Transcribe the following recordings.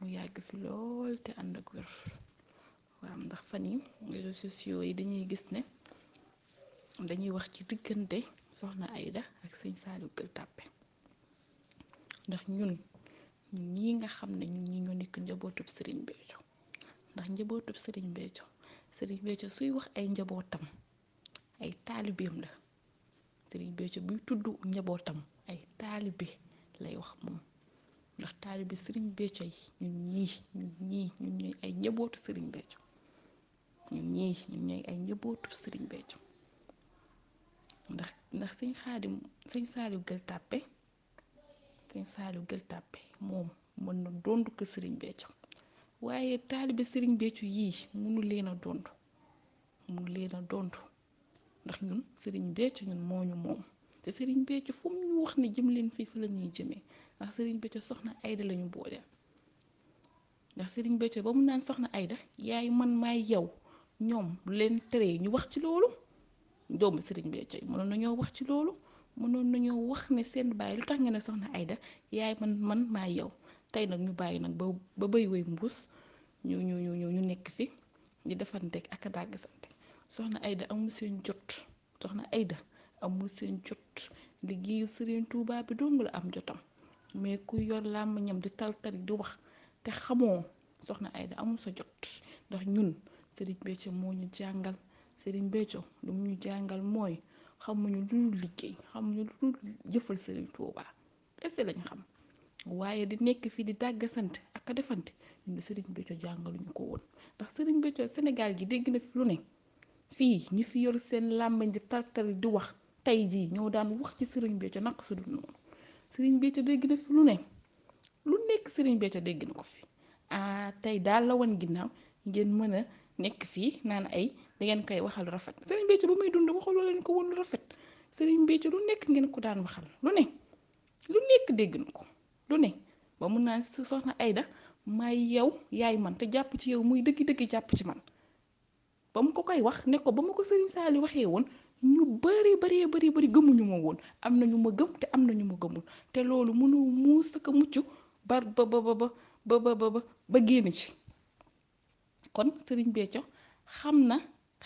mu yàgg fi lool te ànd ak wér waaw ndax fan yi réseaux sociaux yi dañuy gis ne dañuy wax ci diggante soxna ayda ak sëñ Saliou Gueye Tapé ndax ñun ñii nga xam ne ñun ñi ñoo nekk njabootub Serigne Béthio ndax njabootub sëriñ Béthio Serigne Béthio suy wax ay njabootam ay taalibeem la sëriñ Béthio buy tudd njabootam ay taalibe lay wax moom. ndax taalibe sëriñ Béthio yi ñun ñii ñun ñii ñun ñooy ay njabootu sëriñ Béthio ñun ñii ñun ñooy ay njabootu sëriñ Béthio ndax ndax sëñ xaadim sëñ saaliw gël tàppe sëñ saaliw gël tàppe moom mën na dondu ko sëriñ Béthio waaye taalibe sëriñ Béthio yii munu leen a dondu munu leen a dondu ndax ñun sëriñ Béthio ñun moo moom te Serigne Béthio fu ñu wax ne jëm leen fii fa la ñuy jëmee ndax sëriñ Béthio soxna Aida lañu ñu boole ndax Serigne Béthio ba mu naan soxna Aida yaay man maay yow ñoom leen tere ñu wax ci loolu doomu Serigne Béthio mënoon nañoo wax ci loolu mënoon nañoo wax ne seen bàyyi lu tax ngeen ne soxna Aida yaay man man maay yow tey nag ñu bàyyi nag ba bay béy woy mbuus ñu ñu ñu ñu nekk fi di defanteeg ak a dàgg soxna Aida amul seen jot soxna Aida. amul seen jot liggéeyu Sëriñ Tuubaa bi dong la am jotam mais ku yor làmmiñam di taltali di wax te xamoo soxna Ayda amul sa jot ndax ñun Sëriñ Béthio moo ñu jàngal Sëriñ Béthio lu mu ñu jàngal mooy xamuñu lu dul liggéey xamuñu lu dul jëfal Sëriñ Tuubaa kese lañ xam waaye di nekk fii di dàggasante ak a defante ñu ne Sëriñ Béthio jàngaluñu ko woon ndax Sëriñ Béthio senegal gi dégg na fi lu ne fii ñu fi yor seen làmmiñ di taltali di wax tey jii ñoo daan wax ci sëriñ Béthio naq su dul noonu sëriñ Béthio dégg na fi lu ne lu nekk sëriñ Béthio dégg na ko fi ah, tey daal la wan ginnaaw ngeen mën a nekk fii naan ay da koy waxal rafet sëriñ Béthio bu may dund waxaloo leen ko woon lu rafet sëriñ Béthio lu nekk ngeen ko daan waxal lu ne lu nekk dégg na ko lu ne ba mun naa soxna Aida may yow yaay man te jàpp ci yow muy dëgg-dëgg jàpp ci man ba mu ko koy wax ne ko ba ma ko sëriñ Saliou waxee woon ñu bari bari bari bari gëmuñu ma woon am na ñu ma gëm te am na ñu ma gëmul te loolu mënu muus ak mucc ba ba ba ba ba ba ba génn ci kon sëriñ Béthio xam na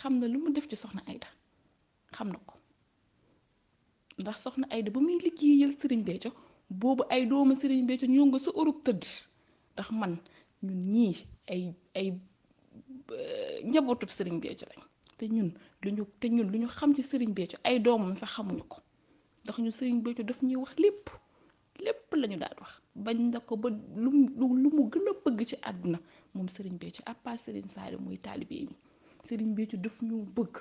xam na lu mu def ci soxna Aida xam na ko ndax soxna Aida ba muy liggéeyal Serigne Béthio boobu ay doomu Serigne Béthio ñoo nga sa Europe tëdd ndax man ñun ñii ay ay euh, njabootu Serigne Béthio lañ te ñun lu ñu te ñun lu ñu xam ci Serigne Béthio ay doomam sax xamuñu ko ndax ñu Serigne Béthio daf ñuy wax lépp lépp lañu daan wax bañ na ko ba lu lu mu gën a bëgg ci àdduna moom Serigne Béthio à part Serigne Saliou muy taalibe bi Serigne Béthio daf ñu bëgg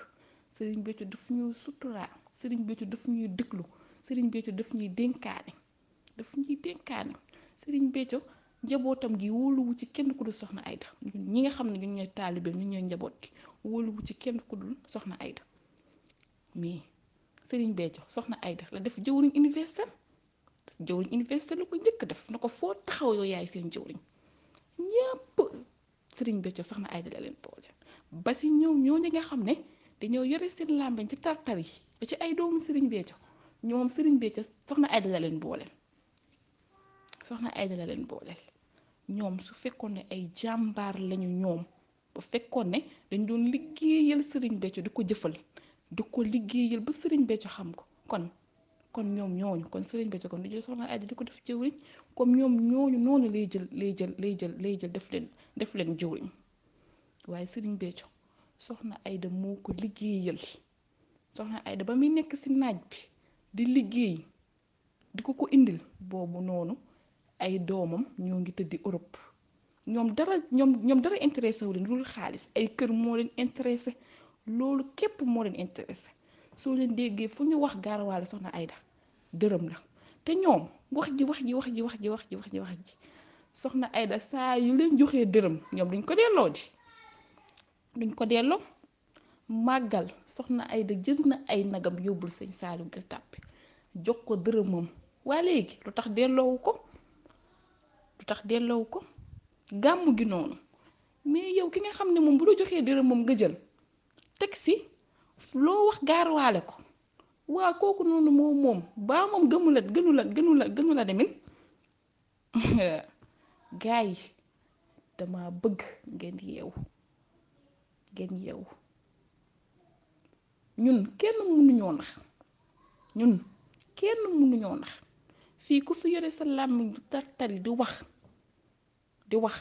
Serigne Béthio daf ñu suturaal Serigne Béthio daf ñuy déglu Serigne Béthio daf ñuy dénkaane daf ñuy dénkaane Serigne Béthio njabootam gi wóoluwu ci kenn ku dul soxna Aida ñi nga xam ne ñun ñooy taalibe ñu ñooy njaboot gi wóoluwu ci kenn ku dul soxna Aida mais Serigne Béthio soxna Aida la def jëwriñ université jëwriñ université la ko njëkk def na ko foo taxaw yow yaay seen jëwriñ ñëpp Serigne Béthio soxna Aida la leen boole ba si ñoom ñooñu nga xam ne dañoo yore seen làmbeñ ci tartar yi ba ci ay doomu Serigne Béthio ñoom Serigne Béthio soxna Aida la leen boole. soxna Aida la leen booleel ñoom su fekkoon ne ay jàmbaar lañu ñoom ba fekkoon ne dañ doon liggéeyal sëriñ Béthio di ko jëfal di ko liggéeyal ba sëriñ Béthio xam ko kon kon ñoom ñooñu kon sëriñ Béthio kon di jël soxna Aida di ko def jëwriñ comme ñoom ñooñu noonu lay jël lay jël lay jël lay jël def leen def leen jëwriñ waaye sëriñ Béthio soxna Aida moo ko liggéeyal soxna Aida ba muy nekk ci naaj bi di liggéey di ko ko indil boobu noonu ay doomam ñoo ngi tëddi Europe ñoom dara ñoom ñoom dara intéressé wu leen lu xaalis ay kër moo leen intéressé loolu képp moo leen intéressé soo leen déggee fu ñu wax gaarawaale soxna Aida dërëm la te ñoom wax ji wax ji wax ji wax ji wax ji wax ji wax ji soxna Aida saa yu leen joxee dërëm ñoom duñ ko delloo di duñ ko delloo màggal soxna Aida jënd na ay nagam yóbbul sëñ Saalu Gueule Tapée jox ko dërëmam waa léegi lu tax delloowu ko. lu tax delloo ko gàmm gi noonu mais yow ki nga xam ne moom bu la joxee dërëm moom nga jël teg si loo wax gaarwaale ko waa kooku noonu moom moom baa moom gëmu la gënu la gënu la gënu demin gaa yi dama bëgg ngeen yeewu ngeen yeewu ñun kenn mënuñoo nax ñun kenn mënuñoo nax fii ku fi yore sa làmmiñ du tartari di wax di wax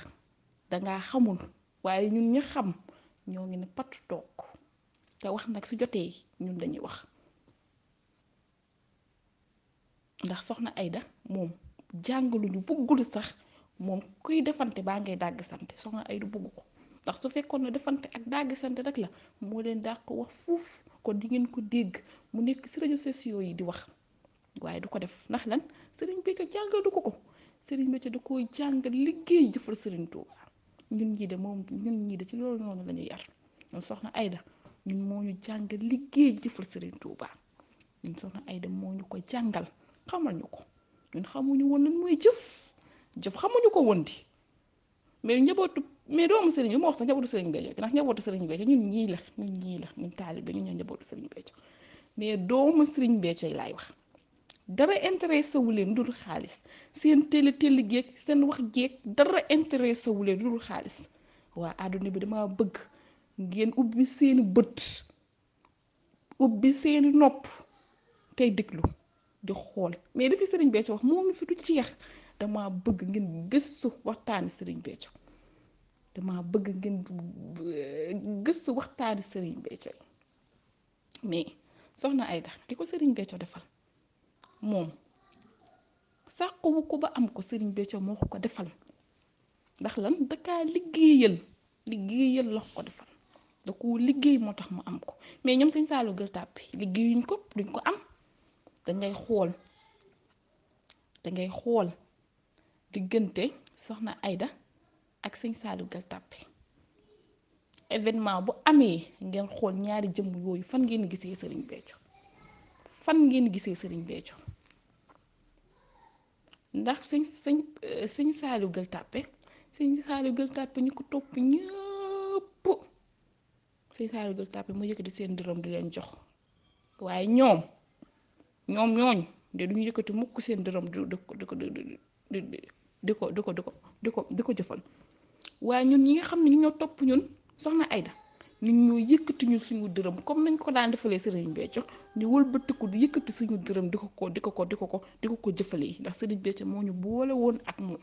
danga xamul waaye ñun ña xam ñoo ngi ne patt toog te wax nag su jotee ñun dañuy wax ndax soxna ayda moom ñu jàngaluñu bëggul sax moom kuy defante baa ngay dàgg sante soxna Aida bëgg ko ndax su fekkoon na defante ak dàgg sante rek la moo leen dàq ko wax fuuf kon di ngeen ko dégg mu nekk ci réseaux sociaux yi di wax waaye du ko def ndax lan sëriñ bi ko jàngal du ko ko sëriñ bi ca da koo jàngal liggéey jëfal sëriñ Touba ñun ñii de moom ñun ñii de ci loolu noonu la ñu yar ñun soxna Aida ñun moo ñu jàngal jëfal sëriñ Touba ñun soxna Aida moo ñu ko jàngal xamal ñu ko ñun xamuñu woon lan mooy jëf jëf xamuñu ko woon di mais njabootu mais doomu sëriñ bi moo wax sax njabootu sëriñ Béthio ndax njabootu sëriñ Béthio ñun ñii la ñun ñii la ñun taalibe ñun ñoo njabootu sëriñ Béthio mais doomu sëriñ Béthio laay wax. dara intéressé wu dul xaalis seen télé télé géeg seen wax géeg dara intéressé wu leen dul xaalis waa àdduna bi dama bëgg ngeen ubbi seeni bët ubbi seeni nopp tey déglu di xool mais dafi sëriñ Béthio wax moom ngi fi du jeex dama bëgg ngeen gëstu waxtaani sëriñ Béthio dama bëgg ngeen eh, gëstu waxtaani sëriñ Béthio mais soxna Aida di ko sëriñ Béthio defal moom sàkkuwu ko ba am ko sëriñ Béthio moo ko defal ndax lan dakaa liggéeyal liggéeyal lox ko defal da ko liggéey moo tax mu am ko mais ñoom Serigne Saliou Gueule Tapée liggéeyuñ ko duñ ko am dangay xool dangay xool diggante soxna Aida ak Serigne saalu Gueule Tapée événement bu amee ngeen xool ñaari jëmm yooyu fan ngeen gisee Serigne Béthio fan ngeen gisee Serigne Béthio ndax sëñ sëñ euh, sëñ Saaliw Gël Tàppe sëñ Saaliw Gël Tàppe ñu ko topp ñëpp sëñ Saaliw Gël Tàppe mu yëkkati seen dërëm di leen jox waaye ñoom ñoom ñooñ de duñu yëkkati mukk seen dërëm di ko di ko di ko di ko di ko di ko di ko jëfal waaye ñun ñi nga xam ne ñu ñoo topp ñun soxna Ayda ñun ñoo yëkkati suñu dërëm comme nañ ko daan defalee sëriñ Béthio ni wëlbatiku di yëkkati suñu dërëm di ko ko di ko ko di ko ko di ko ko jëfalee ndax sëriñ Béthio moo ñu boole woon ak moom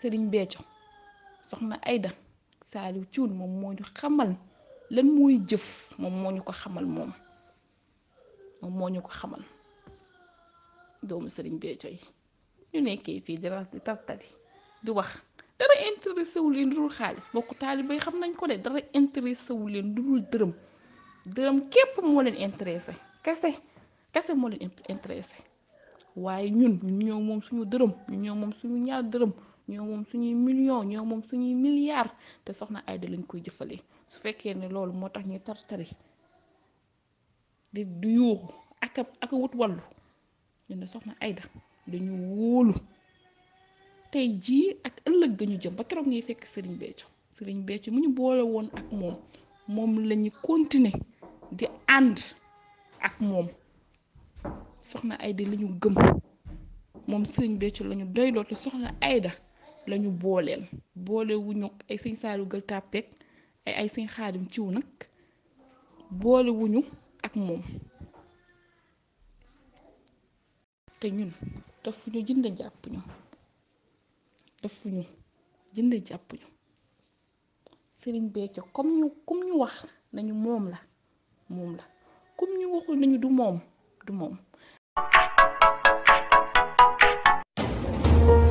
sëriñ Béthio soxna Aida Saliou Thioune moom moo ñu xamal lan mooy jëf moom moo ñu ko xamal moom moom moo ñu ko xamal doomu sëriñ Béthio yi ñu nekkee fii di tartali di wax dara intéressé wu leen dul xaalis bokk taaliba yi xam nañ ko de dara intéressé wu leen dul dërëm dërëm képp moo leen intéressé kese kese moo leen intéressé waaye ñun ñoo moom suñu dërëm ñoo moom suñu ñaar dërëm ñoo moom suñuy million ñoo moom suñuy milliard te soxna Aida lañ koy jëfalee su fekkee ne loolu moo tax ñu tartari di du yuuxu ak ak wut wàllu ñu ne soxna Aida dañu wóolu tey jii ak ëllëg ga ñu jëm ba keroog ngay fekk sëriñ Béthio sëriñ Béthio mu ñu boole woon ak moom moom la ñu continuer di ànd ak moom soxna Aida lañu ñu gëm moom sëriñ Béthio la ñu te soxna Aida lañu ñu booleel boole wu ñu ay sëñ Saalu Gël Tàppeek ay sëñ Xaadim ciw nag boole wu ñu ak moom te ñun daf ñu jënd jàpp ñu. defuñu jënd jàppuñu sëriñ Béthio comme ñu wax nañu moom la moom la comme ñu waxul nañu du moom du moom.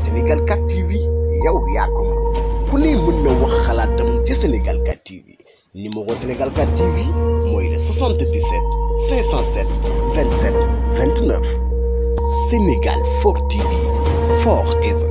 Sénégal 4 TV yow yaa ko ku ne mën na wax xalaatam ci Sénégal 4 TV numéro Sénégal 4 TV mooy le Sénégal 4 TV